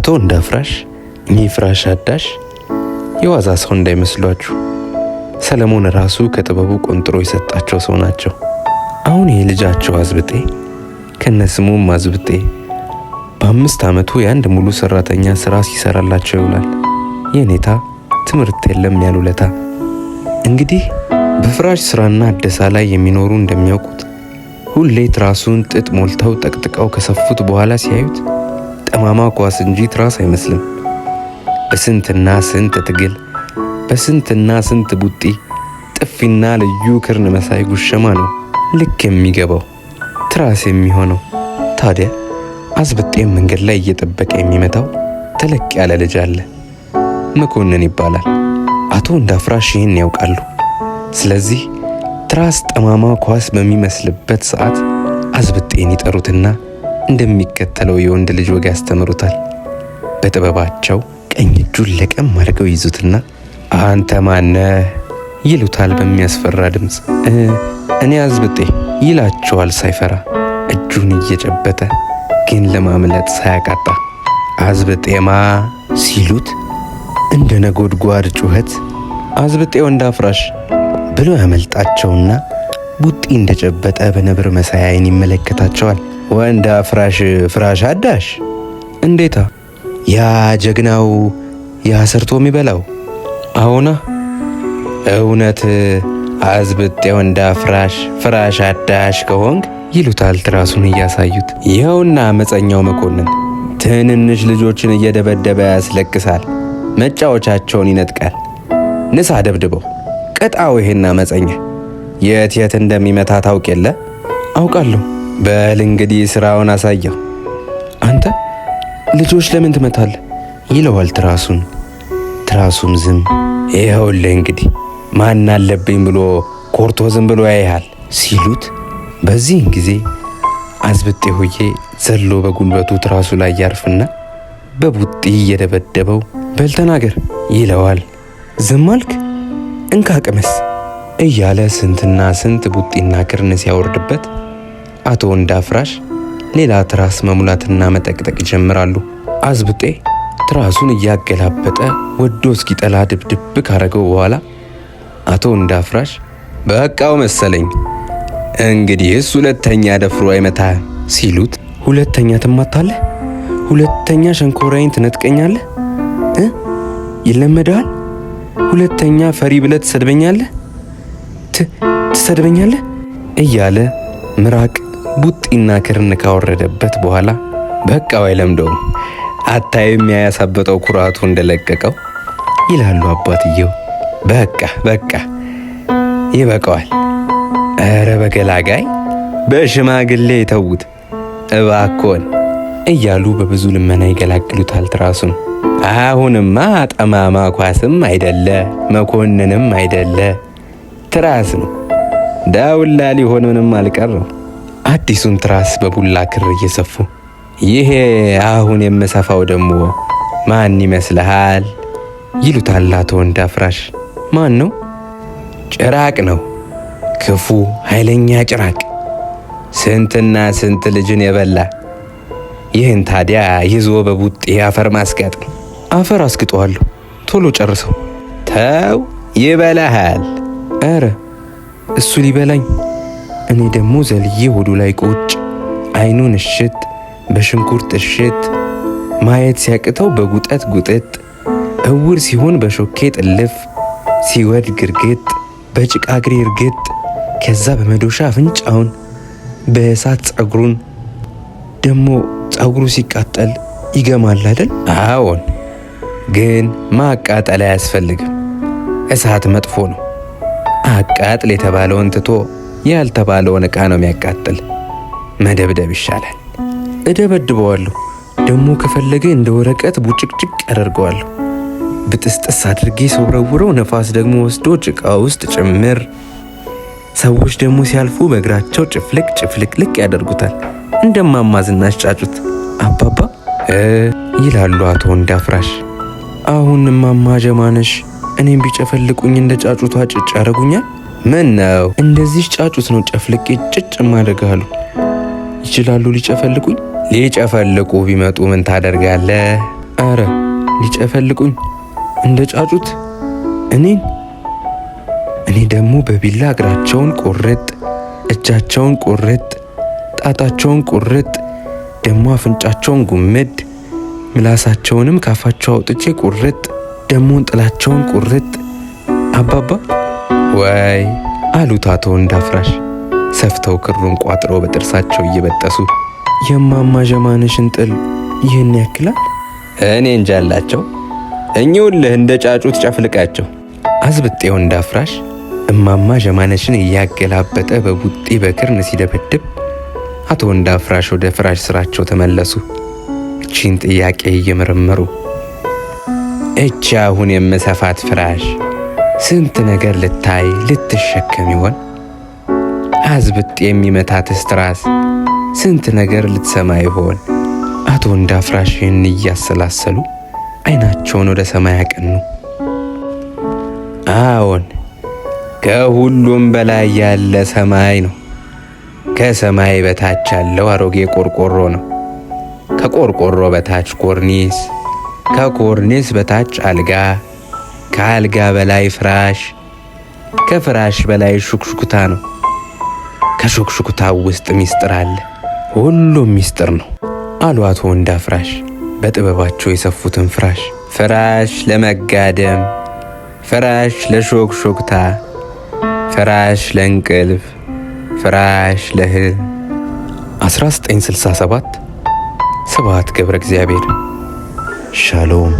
አቶ ፍራሽ! እኔ ፍራሽ አዳሽ የዋዛ ሰው እንዳይመስሏችሁ ሰለሞን ራሱ ከጥበቡ ቆንጥሮ የሰጣቸው ሰው ናቸው። አሁን የልጃቸው አዝብጤ ከነስሙም አዝብጤ በአምስት ዓመቱ የአንድ ሙሉ ሰራተኛ ስራ ሲሰራላቸው ይውላል። የኔታ ትምህርት የለም ያሉለታ። እንግዲህ በፍራሽ ስራና አደሳ ላይ የሚኖሩ እንደሚያውቁት ሁሌ ትራሱን ጥጥ ሞልተው ጠቅጥቀው ከሰፉት በኋላ ሲያዩት ጠማማ ኳስ እንጂ ትራስ አይመስልም። በስንትና ስንት ትግል፣ በስንትና ስንት ቡጢ ጥፊና ልዩ ክርን መሳይ ጉሸማ ነው ልክ የሚገባው ትራስ የሚሆነው። ታዲያ አዝብጤም መንገድ ላይ እየጠበቀ የሚመታው ተለቅ ያለ ልጅ አለ። መኮንን ይባላል። አቶ እንዳፍራሽ ይህን ያውቃሉ። ስለዚህ ትራስ ጠማማ ኳስ በሚመስልበት ሰዓት አዝብጤን ይጠሩትና እንደሚከተለው የወንድ ልጅ ወግ ያስተምሩታል። በጥበባቸው ቀኝ እጁን ለቀም አድርገው ይዙትና አንተ ማነ ይሉታል በሚያስፈራ ድምፅ። እኔ አዝብጤ ይላቸዋል ሳይፈራ እጁን እየጨበጠ ግን ለማምለጥ ሳያቃጣ አዝብጤማ ሲሉት እንደ ነጎድጓድ ጩኸት አዝብጤ ወንድ አፍራሽ ብሎ ያመልጣቸውና ቡጢ እንደጨበጠ በነብር መሳይ ዓይን ይመለከታቸዋል። ወንድ አፍራሽ ፍራሽ አዳሽ። እንዴታ ያ ጀግናው ያ ሰርቶ የሚበላው አሁና እውነት አዝብጤ ወንድ አፍራሽ ፍራሽ አዳሽ ከሆንግ ይሉታል ትራሱን እያሳዩት። ይኸውና አመፀኛው መኮንን ትንንሽ ልጆችን እየደበደበ ያስለቅሳል፣ መጫወቻቸውን ይነጥቃል። ንሳ ደብድበው ቅጣው ይሄን አመፀኛ። የት የት እንደሚመታ ታውቅ የለ? አውቃለሁ በል እንግዲህ ስራውን አሳየው። አንተ ልጆች ለምን ትመታለህ? ይለዋል ትራሱን። ትራሱም ዝም ይኸውልህ እንግዲህ ማን አለብኝ ብሎ ኮርቶ ዝም ብሎ ያይሃል ሲሉት፣ በዚህን ጊዜ አዝብጤ ሆዬ ዘሎ በጉልበቱ ትራሱ ላይ ያርፍና በቡጢ እየደበደበው በል ተናገር ይለዋል። ዝም አልክ እንካ ቅመስ እያለ ስንትና ስንት ቡጢና ክርን ሲያወርድበት አቶ አፍራሽ ሌላ ትራስ መሙላትና መጠቅጠቅ ይጀምራሉ። አዝብጤ ትራሱን እያገላበጠ ወዶ እስኪጠላ ድብድብ ካረገው በኋላ አቶ አፍራሽ በቃው መሰለኝ እሱ ሁለተኛ ደፍሮ አይመታ ሲሉት፣ ሁለተኛ ትማታለህ፣ ሁለተኛ ሸንኮራይን ትነጥቀኛለህ፣ ይለመደዋል፣ ሁለተኛ ፈሪ ብለህ ትሰድበኛለህ፣ ትሰድበኛለህ እያለ ምራቅ ቡጢና ክርን ካወረደበት በኋላ በቃው አይለምደውም። አታይም ያሳበጠው ኩራቱ እንደለቀቀው ይላሉ አባትየው። በቃ በቃ ይበቀዋል እረ በገላጋይ በሽማግሌ ተውት እባኮን እያሉ በብዙ ልመና ይገላግሉታል ትራሱን። አሁንማ ጠማማ ኳስም አይደለ መኮንንም አይደለ ትራስ ነው። ዳውላ ሊሆን ምንም አልቀረም። አዲሱን ትራስ በቡላ ክር እየሰፉ ይሄ አሁን የምሰፋው ደግሞ ማን ይመስልሃል? ይሉታል አቶ ወንድ አፍራሽ። ማን ነው? ጭራቅ ነው። ክፉ ኃይለኛ ጭራቅ ስንትና ስንት ልጅን የበላ ይህን ታዲያ ይዞ በቡጤ አፈር ማስጋጥ አፈር አስግጠዋለሁ። ቶሎ ጨርሰው። ተው ይበላሃል። እረ? እሱ ሊበላኝ እኔ ደግሞ ዘልዬ ሆዱ ላይ ቁጭ፣ አይኑን እሽት በሽንኩርት እሽት፣ ማየት ሲያቅተው በጉጠት ጉጥጥ፣ እውር ሲሆን በሾኬ ጥልፍ፣ ሲወድ ግርግጥ፣ በጭቃ እግሬ እርግጥ፣ ከዛ በመዶሻ አፍንጫውን፣ በእሳት ጸጉሩን። ደግሞ ጸጉሩ ሲቃጠል ይገማል አይደል? አዎን። ግን ማቃጠል አያስፈልግም። እሳት መጥፎ ነው። አቃጥል የተባለውን ትቶ ያልተባለውን ዕቃ ነው የሚያቃጥል። መደብደብ ይሻላል። እደበድበዋለሁ። ደግሞ ከፈለገ እንደ ወረቀት ቡጭቅጭቅ አደርገዋለሁ። ብጥስጥስ አድርጌ ሰውረውረው፣ ነፋስ ደግሞ ወስዶ ጭቃ ውስጥ ጭምር። ሰዎች ደግሞ ሲያልፉ በእግራቸው ጭፍልቅ ጭፍልቅልቅ ያደርጉታል። እንደማማዝናሽ ጫጩት አባባ ይላሉ አቶ እንዳፍራሽ። አሁን እማማ ጀማነሽ እኔም ቢጨፈልቁኝ እንደ ጫጩቷ ጭጭ ያደረጉኛል። ምን ነው እንደዚህ ጫጩት ነው ጨፍልቄ ጭጭ ማደርጋሉ። ይችላሉ ሊጨፈልቁኝ። ሊጨፈልቁ ቢመጡ ምን ታደርጋለህ? አረ ሊጨፈልቁኝ እንደ ጫጩት እኔን እኔ ደግሞ በቢላ እግራቸውን ቁርጥ፣ እጃቸውን ቁርጥ፣ ጣታቸውን ቁርጥ፣ ደግሞ አፍንጫቸውን ጉምድ፣ ምላሳቸውንም ካፋቸው አውጥቼ ቁርጥ፣ ደግሞ እንጥላቸውን ቁርጥ አባባ ወይ አሉት አቶ እንዳፍራሽ ሰፍተው ክሩን ቋጥሮ በጥርሳቸው እየበጠሱ የማማ ዠማንሽን ጥል ይህን ያክላል? እኔ እንጃላቸው እኚሁልህ እንደ ጫጩት ጨፍልቃቸው። አዝብጤው እንዳፍራሽ እማማ ዠማንሽን እያገላበጠ በቡጢ በክርን ሲደበድብ አቶ እንዳፍራሽ ወደ ፍራሽ ስራቸው ተመለሱ። እቺን ጥያቄ እየመረመሩ እቺ አሁን የምሰፋት ፍራሽ ስንት ነገር ልታይ ልትሸከም ይሆን? አዝብጥ የሚመታትስ ትራስ ስንት ነገር ልትሰማ ይሆን? አቶ ወንዳ ፍራሽህን እያሰላሰሉ አይናቸውን ወደ ሰማይ አቀኑ። አዎን ከሁሉም በላይ ያለ ሰማይ ነው። ከሰማይ በታች ያለው አሮጌ ቆርቆሮ ነው። ከቆርቆሮ በታች ኮርኒስ፣ ከኮርኒስ በታች አልጋ ከአልጋ በላይ ፍራሽ፣ ከፍራሽ በላይ ሹክሹክታ ነው። ከሹክሹክታው ውስጥ ሚስጥር አለ። ሁሉም ሚስጥር ነው አሉ አቶ ወንዳ ፍራሽ በጥበባቸው የሰፉትን ፍራሽ። ፍራሽ ለመጋደም፣ ፍራሽ ለሾክሾክታ፣ ፍራሽ ለእንቅልፍ፣ ፍራሽ ለእንቅልፍ ፍራሽ ለህል 1967 ስብሐት ገብረ እግዚአብሔር ሻሎም